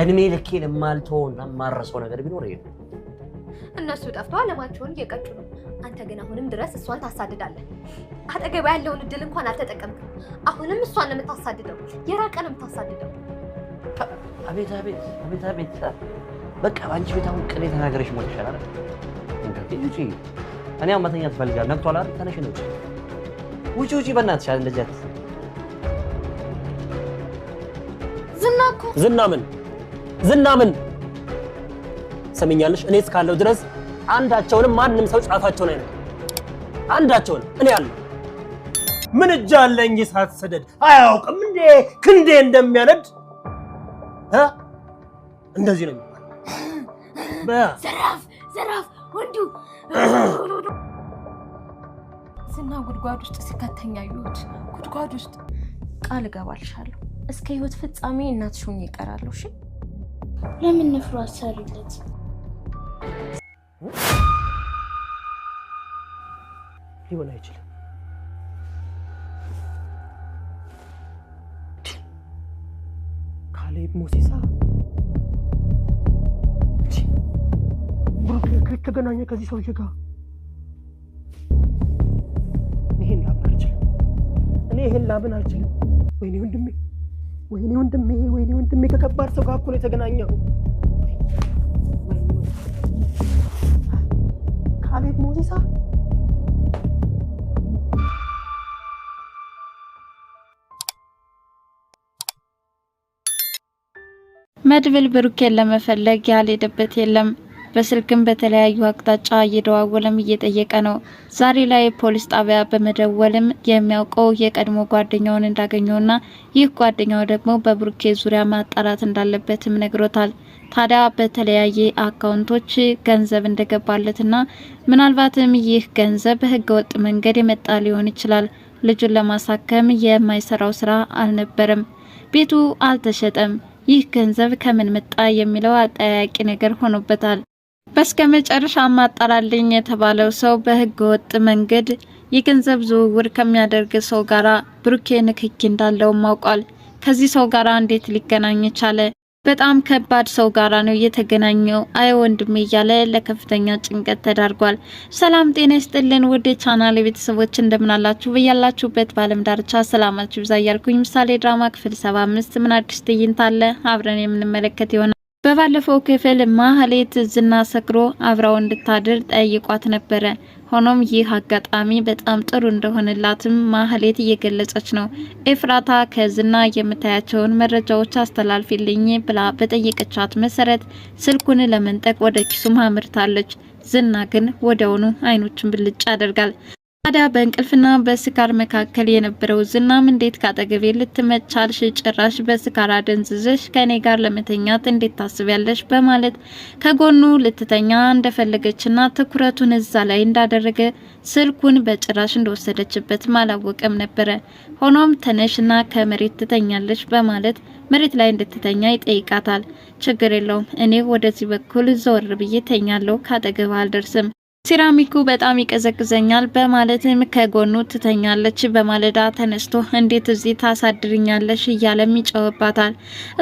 እድሜ ልኬን የማልተወው እና የማረሰው ነገር ቢኖር ይሄ ነው። እነሱ ጠፍተው አለማቸውን እየቀጩ ነው። አንተ ግን አሁንም ድረስ እሷን ታሳድዳለህ። አጠገባ ያለውን እድል እንኳን አልተጠቀምክም። አሁንም እሷን ነው የምታሳድደው፣ የራቀ ነው የምታሳድደው። አቤት አቤት አቤት አቤት! በቃ በአንቺ ቤት አሁን ቅኔ ተናገረሽ ሞል ይሻላል። ውጪ! እኔ አሁን መተኛት ትፈልጋል። ነግቷል አይደል? ተነሽ ነው። ውጪ ውጪ! በእናትሽ እንደዚህ ዝና እኮ ዝና ምን ዝናምን ምን ሰሚኛለሽ? እኔ እስካለሁ ድረስ አንዳቸውንም ማንም ሰው ጫፋቸውን አይነካም። አንዳቸውን እኔ አለ ምን እጅ አለኝ? እሳት ሰደድ አያውቅም እንዴ? ክንዴ እንደሚያነድ እንደዚህ ነው የሚባለው። ዘራፍ ዘራፍ ወንዱ ዝና ጉድጓድ ውስጥ ሲከተኛ ይሁት ጉድጓድ ውስጥ ቃል እገባልሻለሁ እስከ ህይወት ፍጻሜ እናትሽ ሆኜ ይቀራለሁ። እሺ ለምን ንፍሮ አሰሩለት? ሊሆን አይችልም። ካሌብ ሞሲሳ ብሩክ ከየት ተገናኘ ከዚህ ሰውዬ ጋር? ይሄን ላምን አልችልም። እኔ ይሄን ላምን አልችልም። ወይኔ ወንድሜ ወይኔ ወንድሜ፣ ወይኔ ወንድሜ ከከባድ ሰው ጋር እኮ ነው የተገናኘው። ከአቤት ሞዚሳ መድብል ብሩኬን ለመፈለግ ያልሄደበት የለም። በስልክም በተለያዩ አቅጣጫ እየደዋወለም እየጠየቀ ነው። ዛሬ ላይ ፖሊስ ጣቢያ በመደወልም የሚያውቀው የቀድሞ ጓደኛውን እንዳገኘውና ይህ ጓደኛው ደግሞ በብሩኬ ዙሪያ ማጣራት እንዳለበትም ነግሮታል። ታዲያ በተለያየ አካውንቶች ገንዘብ እንደገባለትና ምናልባትም ይህ ገንዘብ በህገወጥ መንገድ የመጣ ሊሆን ይችላል። ልጁን ለማሳከም የማይሰራው ስራ አልነበረም። ቤቱ አልተሸጠም። ይህ ገንዘብ ከምን መጣ የሚለው አጠያያቂ ነገር ሆኖበታል። በስከ መጨረሻ ማጣራልኝ የተባለው ሰው በህገ ወጥ መንገድ የገንዘብ ዝውውር ከሚያደርግ ሰው ጋራ ብሩኬ ንክኪ እንዳለውም አውቋል። ከዚህ ሰው ጋራ እንዴት ሊገናኝ ቻለ? በጣም ከባድ ሰው ጋራ ነው የተገናኘው። አይ ወንድሜ እያለ ለከፍተኛ ጭንቀት ተዳርጓል። ሰላም ጤና ይስጥልን ውድ የቻናል ቤተሰቦች እንደምናላችሁ በያላችሁበት ባለም ዳርቻ ሰላማችሁ ይብዛ እያልኩኝ ምሳሌ ድራማ ክፍል 75 ምን አዲስ ትዕይንት አለ አብረን የምንመለከት ይሆናል። በባለፈው ክፍል ማህሌት ዝና ሰክሮ አብራው እንድታድር ጠይቋት ነበረ። ሆኖም ይህ አጋጣሚ በጣም ጥሩ እንደሆነላትም ማህሌት እየገለጸች ነው። ኤፍራታ ከዝና የምታያቸውን መረጃዎች አስተላልፊልኝ ብላ በጠየቀቻት መሰረት ስልኩን ለመንጠቅ ወደ ኪሱም አምርታለች። ዝና ግን ወዲያውኑ አይኖችን ብልጭ ያደርጋል። ታዲያ በእንቅልፍና በስካር መካከል የነበረው ዝናም እንዴት ካጠገቤ ልትመቻልሽ ጭራሽ በስካር አደንዝዘሽ ከኔ ጋር ለመተኛት እንዴት ታስቢያለሽ በማለት ከጎኑ ልትተኛ እንደፈለገችና ትኩረቱን እዛ ላይ እንዳደረገ ስልኩን በጭራሽ እንደወሰደችበት አላወቀም ነበረ። ሆኖም ተነሽና ከመሬት ትተኛለች በማለት መሬት ላይ እንድትተኛ ይጠይቃታል። ችግር የለውም እኔ ወደዚህ በኩል ዘወር ብዬ ተኛለሁ፣ ካጠገብ አልደርስም ሴራሚኩ በጣም ይቀዘቅዘኛል በማለትም ከጎኑ ትተኛለች። በማለዳ ተነስቶ እንዴት እዚህ ታሳድርኛለሽ እያለም ይጨውባታል።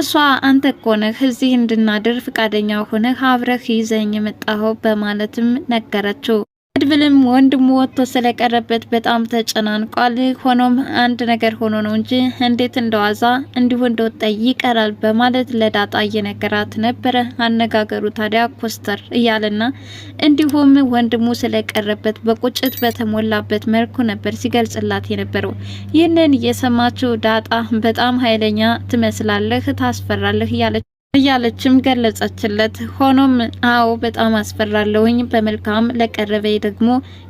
እሷ አንተ እኮ ነህ እዚህ እንድናድር ፍቃደኛ ሆነህ አብረህ ይዘኝ የመጣኸው በማለትም ነገረችው። መድብልም ወንድሙ ወጥቶ ስለቀረበት በጣም ተጨናንቋል። ሆኖም አንድ ነገር ሆኖ ነው እንጂ እንዴት እንደዋዛ እንዲሁ እንደወጣ ይቀራል በማለት ለዳጣ እየነገራት ነበረ። አነጋገሩ ታዲያ ኮስተር እያለና እንዲሁም ወንድሙ ስለቀረበት በቁጭት በተሞላበት መልኩ ነበር ሲገልጽላት የነበረው። ይህንን የሰማችው ዳጣ በጣም ኃይለኛ ትመስላለህ፣ ታስፈራለህ እያለች እያለችም ገለጸችለት። ሆኖም አዎ በጣም አስፈራለሁኝ፣ በመልካም ለቀረበኝ ደግሞ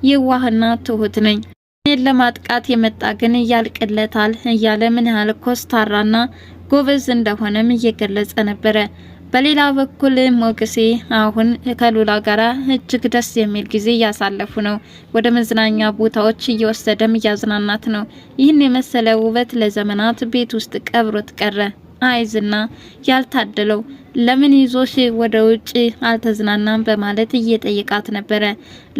የዋህና ትሁት ነኝ፣ እኔን ለማጥቃት የመጣ ግን እያልቅለታል እያለ ምን ያህል ኮስታራና ጎበዝ እንደሆነም እየገለጸ ነበረ። በሌላ በኩል ሞገሴ አሁን ከሉላ ጋር እጅግ ደስ የሚል ጊዜ እያሳለፉ ነው። ወደ መዝናኛ ቦታዎች እየወሰደም እያዝናናት ነው። ይህን የመሰለ ውበት ለዘመናት ቤት ውስጥ ቀብሮት ቀረ። አይዝና ያልታደለው ለምን ይዞሽ ወደ ውጭ አልተዝናናም በማለት እየጠየቃት ነበረ።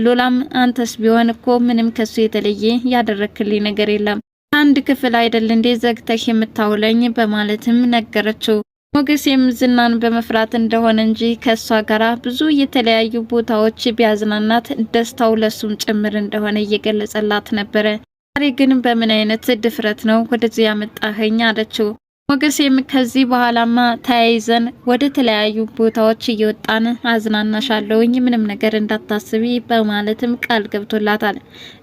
ሎላም አንተስ ቢሆን እኮ ምንም ከሱ የተለየ ያደረክልኝ ነገር የለም አንድ ክፍል አይደል እንዴ ዘግተህ የምታውለኝ በማለትም ነገረችው። ሞገሴም ዝናን በመፍራት እንደሆነ እንጂ ከእሷ ጋራ ብዙ የተለያዩ ቦታዎች ቢያዝናናት ደስታው ለሱም ጭምር እንደሆነ እየገለጸላት ነበረ። ዛሬ ግን በምን አይነት ድፍረት ነው ወደዚህ ያመጣኸኝ አለችው። ሞገሴም ከዚህ በኋላማ ተያይዘን ወደ ተለያዩ ቦታዎች እየወጣን አዝናናሻለሁኝ ምንም ነገር እንዳታስቢ በማለትም ቃል ገብቶላታል።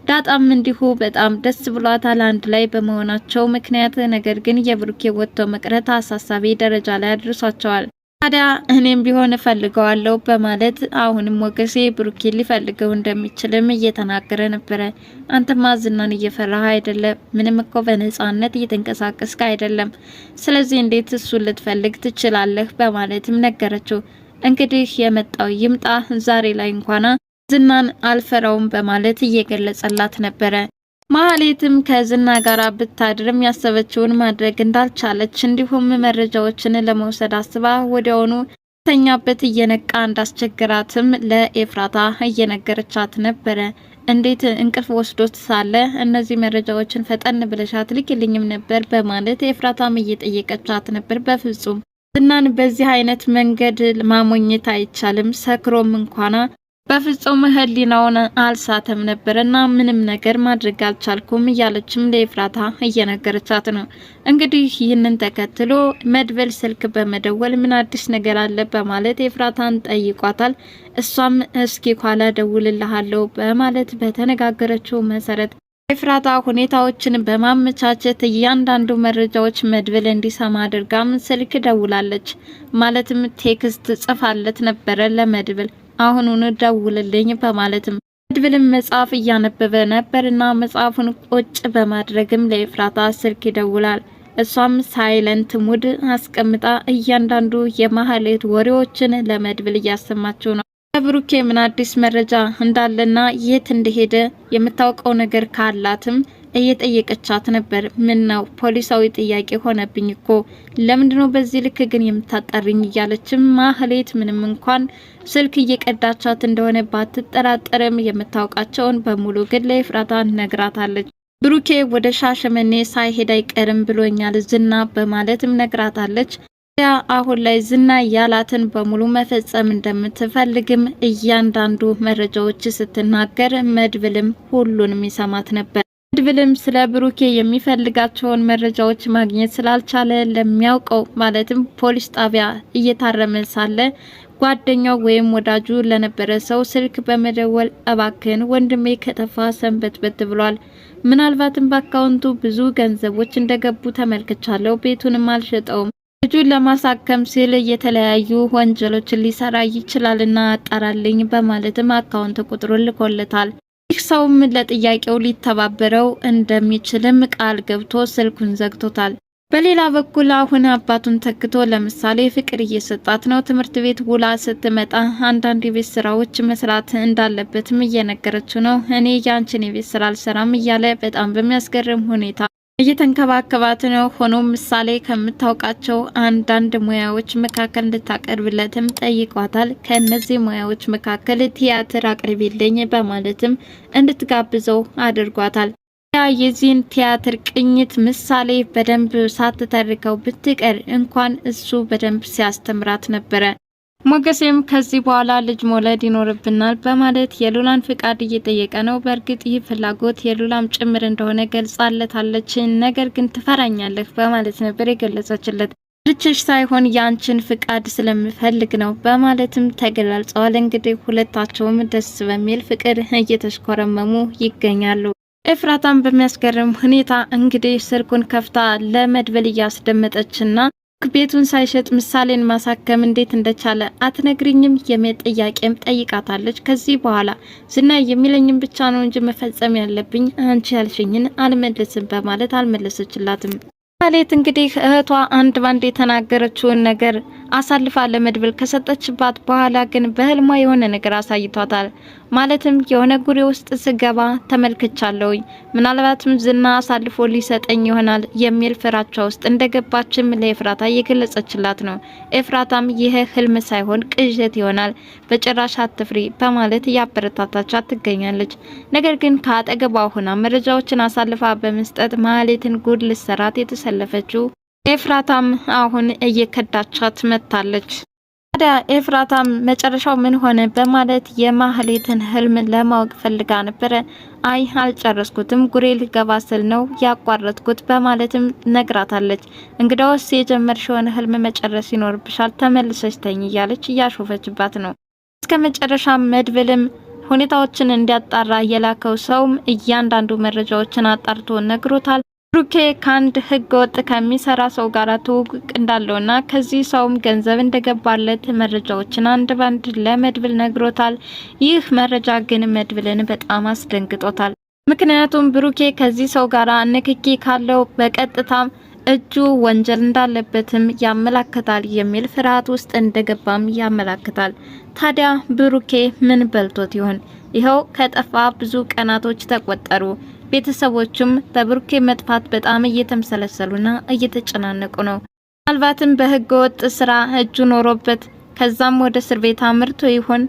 ዳጣም እንዲሁ በጣም ደስ ብሏታል አንድ ላይ በመሆናቸው ምክንያት። ነገር ግን የብሩኬ ወጥቶ መቅረት አሳሳቢ ደረጃ ላይ አድርሷቸዋል። ታዲያ እኔም ቢሆን እፈልገዋለሁ በማለት አሁንም ሞገሴ ብሩኬ ሊፈልገው እንደሚችልም እየተናገረ ነበረ። አንተማ ዝናን እየፈራህ አይደለም፣ ምንም እኮ በነጻነት እየተንቀሳቀስክ አይደለም። ስለዚህ እንዴት እሱ ልትፈልግ ትችላለህ? በማለትም ነገረችው። እንግዲህ የመጣው ይምጣ ዛሬ ላይ እንኳና ዝናን አልፈራውም በማለት እየገለጸላት ነበረ። ማህሌትም ከዝና ጋር ብታድርም ያሰበችውን ማድረግ እንዳልቻለች እንዲሁም መረጃዎችን ለመውሰድ አስባ ወዲያውኑ ተኛበት እየነቃ እንዳስቸግራትም ለኤፍራታ እየነገረቻት ነበረ። እንዴት እንቅልፍ ወስዶት ሳለ እነዚህ መረጃዎችን ፈጠን ብለሻት ልክልኝም ነበር በማለት ኤፍራታም እየጠየቀቻት ነበር። በፍጹም ዝናን በዚህ አይነት መንገድ ማሞኘት አይቻልም፣ ሰክሮም እንኳና በፍጹም ህሊናውን አልሳተም ነበር ምንም ነገር ማድረግ አልቻልኩም እያለችም ለኤፍራታ እየነገረቻት ነው። እንግዲህ ይህንን ተከትሎ መድበል ስልክ በመደወል ምን አዲስ ነገር አለ በማለት ኤፍራታን ጠይቋታል። እሷም እስኪ ኋላ ደውልልሃለሁ በማለት በተነጋገረችው መሰረት ኤፍራታ ሁኔታዎችን በማመቻቸት እያንዳንዱ መረጃዎች መድብል እንዲሰማ አድርጋም ስልክ ደውላለች። ማለትም ቴክስት ጽፋለት ነበረ ለመድብል አሁኑን ደውልልኝ በማለትም መድብልም መጽሐፍ እያነበበ ነበርና መጽሐፉን ቁጭ በማድረግም ለኤፍራታ ስልክ ይደውላል። እሷም ሳይለንት ሙድ አስቀምጣ እያንዳንዱ የማህሌት ወሬዎችን ለመድብል እያሰማችው ነው። ከብሩኬ ምን አዲስ መረጃ እንዳለና የት እንደሄደ የምታውቀው ነገር ካላትም እየጠየቀቻት ነበር። ምን ነው ፖሊሳዊ ጥያቄ ሆነብኝ እኮ ለምንድነው በዚህ ልክ ግን የምታጠርኝ? እያለችም ማህሌት ምንም እንኳን ስልክ እየቀዳቻት እንደሆነ ባትጠራጠርም የምታውቃቸውን በሙሉ ግን ለኤፍራታ ነግራታለች። ብሩኬ ወደ ሻሸመኔ ሳይሄድ አይቀርም ብሎኛል ዝና በማለትም ነግራታለች። ያ አሁን ላይ ዝና ያላትን በሙሉ መፈጸም እንደምትፈልግም እያንዳንዱ መረጃዎች ስትናገር መድብልም ሁሉንም ይሰማት ነበር። ኢቭልም ስለ ብሩኬ የሚፈልጋቸውን መረጃዎች ማግኘት ስላልቻለ ለሚያውቀው ማለትም ፖሊስ ጣቢያ እየታረመ ሳለ ጓደኛው ወይም ወዳጁ ለነበረ ሰው ስልክ በመደወል እባክን ወንድሜ ከጠፋ ሰንበትበት ብሏል። ምናልባትም በአካውንቱ ብዙ ገንዘቦች እንደገቡ ተመልክቻለሁ። ቤቱንም አልሸጠውም። ልጁን ለማሳከም ሲል የተለያዩ ወንጀሎችን ሊሰራ ይችላልና አጣራልኝ በማለትም አካውንት ቁጥሩን ልኮለታል። ይህ ሰውም ለጥያቄው ሊተባበረው እንደሚችልም ቃል ገብቶ ስልኩን ዘግቶታል። በሌላ በኩል አሁን አባቱን ተክቶ ለምሳሌ ፍቅር እየሰጣት ነው። ትምህርት ቤት ውላ ስትመጣ አንዳንድ የቤት ስራዎች መስራት እንዳለበትም እየነገረችው ነው። እኔ ያንቺን የቤት ስራ አልሰራም እያለ በጣም በሚያስገርም ሁኔታ እየተንከባከባት ነው። ሆኖም ምሳሌ ከምታውቃቸው አንዳንድ ሙያዎች መካከል እንድታቀርብለትም ጠይቋታል። ከእነዚህ ሙያዎች መካከል ቲያትር አቅርቢልኝ በማለትም እንድትጋብዘው አድርጓታል። ያ የዚህን ቲያትር ቅኝት ምሳሌ በደንብ ሳትተርከው ብትቀር እንኳን እሱ በደንብ ሲያስተምራት ነበረ። ሞገሴም ከዚህ በኋላ ልጅ መውለድ ይኖርብናል በማለት የሉላን ፍቃድ እየጠየቀ ነው። በእርግጥ ይህ ፍላጎት የሉላም ጭምር እንደሆነ ገልጻለታለች። ነገር ግን ትፈራኛለህ በማለት ነበር የገለጸችለት። ልጅሽ ሳይሆን ያንችን ፍቃድ ስለምፈልግ ነው በማለትም ተገላልጸዋል። እንግዲህ ሁለታቸውም ደስ በሚል ፍቅር እየተሽኮረመሙ ይገኛሉ። ኤፍራታም በሚያስገርም ሁኔታ እንግዲህ ስልኩን ከፍታ ለመድበል እያስደመጠችና ቤቱን ሳይሸጥ ምሳሌን ማሳከም እንዴት እንደቻለ አትነግርኝም? የሚል ጥያቄም ጠይቃታለች። ከዚህ በኋላ ዝና የሚለኝም ብቻ ነው እንጂ መፈጸም ያለብኝ አንቺ ያልሽኝን አልመልስም በማለት አልመለሰችላትም። ማለት እንግዲህ እህቷ አንድ ባንድ የተናገረችውን ነገር አሳልፋ ለመድብል ከሰጠችባት በኋላ ግን በህልሟ የሆነ ነገር አሳይቷታል። ማለትም የሆነ ጉሬ ውስጥ ስገባ ተመልክቻለሁኝ፣ ምናልባትም ዝና አሳልፎ ሊሰጠኝ ይሆናል የሚል ፍራቻ ውስጥ እንደገባችም ለኤፍራታ እየገለጸችላት ነው። ኤፍራታም ይህ ህልም ሳይሆን ቅዠት ይሆናል፣ በጭራሽ አትፍሪ በማለት እያበረታታቻት ትገኛለች። ነገር ግን ከአጠገቧ ሆና መረጃዎችን አሳልፋ በመስጠት ማህሌትን ጉድ ልሰራት የተሰለፈችው ኤፍራታም አሁን እየከዳቻት መጥታለች። ታዲያ ኤፍራታም መጨረሻው ምን ሆነ በማለት የማህሌትን ህልም ለማወቅ ፈልጋ ነበረ። አይ አልጨረስኩትም፣ ጉሬ ልገባ ስል ነው ያቋረጥኩት በማለትም ነግራታለች። እንግዳውስ የጀመርሽውን ህልም መጨረስ ይኖርብሻል፣ ተመልሰች ተኝ እያለች እያሾፈችባት ነው። እስከ መጨረሻ መድብልም ሁኔታዎችን እንዲያጣራ የላከው ሰውም እያንዳንዱ መረጃዎችን አጣርቶ ነግሮታል። ብሩኬ ከአንድ ህገ ወጥ ከሚሰራ ሰው ጋር ትውውቅ እንዳለውና ከዚህ ሰውም ገንዘብ እንደገባለት መረጃዎችን አንድ ባንድ ለመድብል ነግሮታል። ይህ መረጃ ግን መድብልን በጣም አስደንግጦታል። ምክንያቱም ብሩኬ ከዚህ ሰው ጋር ንክኪ ካለው በቀጥታም እጁ ወንጀል እንዳለበትም ያመላክታል። የሚል ፍርሃት ውስጥ እንደገባም ያመላክታል። ታዲያ ብሩኬ ምን በልቶት ይሆን? ይኸው ከጠፋ ብዙ ቀናቶች ተቆጠሩ። ቤተሰቦቹም በብሩኬ መጥፋት በጣም እየተምሰለሰሉና እየተጨናነቁ ነው። ምናልባትም በህገ ወጥ ስራ እጁ ኖሮበት ከዛም ወደ እስር ቤት አምርቶ ይሆን?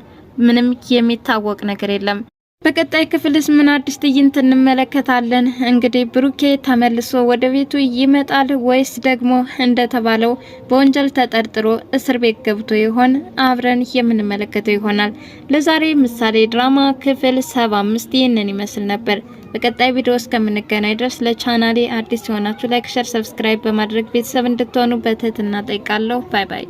ምንም የሚታወቅ ነገር የለም። በቀጣይ ክፍልስ ምን አዲስ ትዕይንት እንመለከታለን? እንግዲህ ብሩኬ ተመልሶ ወደ ቤቱ ይመጣል ወይስ ደግሞ እንደተባለው በወንጀል ተጠርጥሮ እስር ቤት ገብቶ ይሆን? አብረን የምንመለከተው ይሆናል። ለዛሬ ምሳሌ ድራማ ክፍል 75 ይህንን ይመስል ነበር። በቀጣይ ቪዲዮ እስከምንገናኝ ድረስ ለቻናሌ አዲስ የሆናችሁ ላይክ፣ ሸር፣ ሰብስክራይብ በማድረግ ቤተሰብ እንድትሆኑ በትህትና ጠይቃለሁ። ባይ ባይ።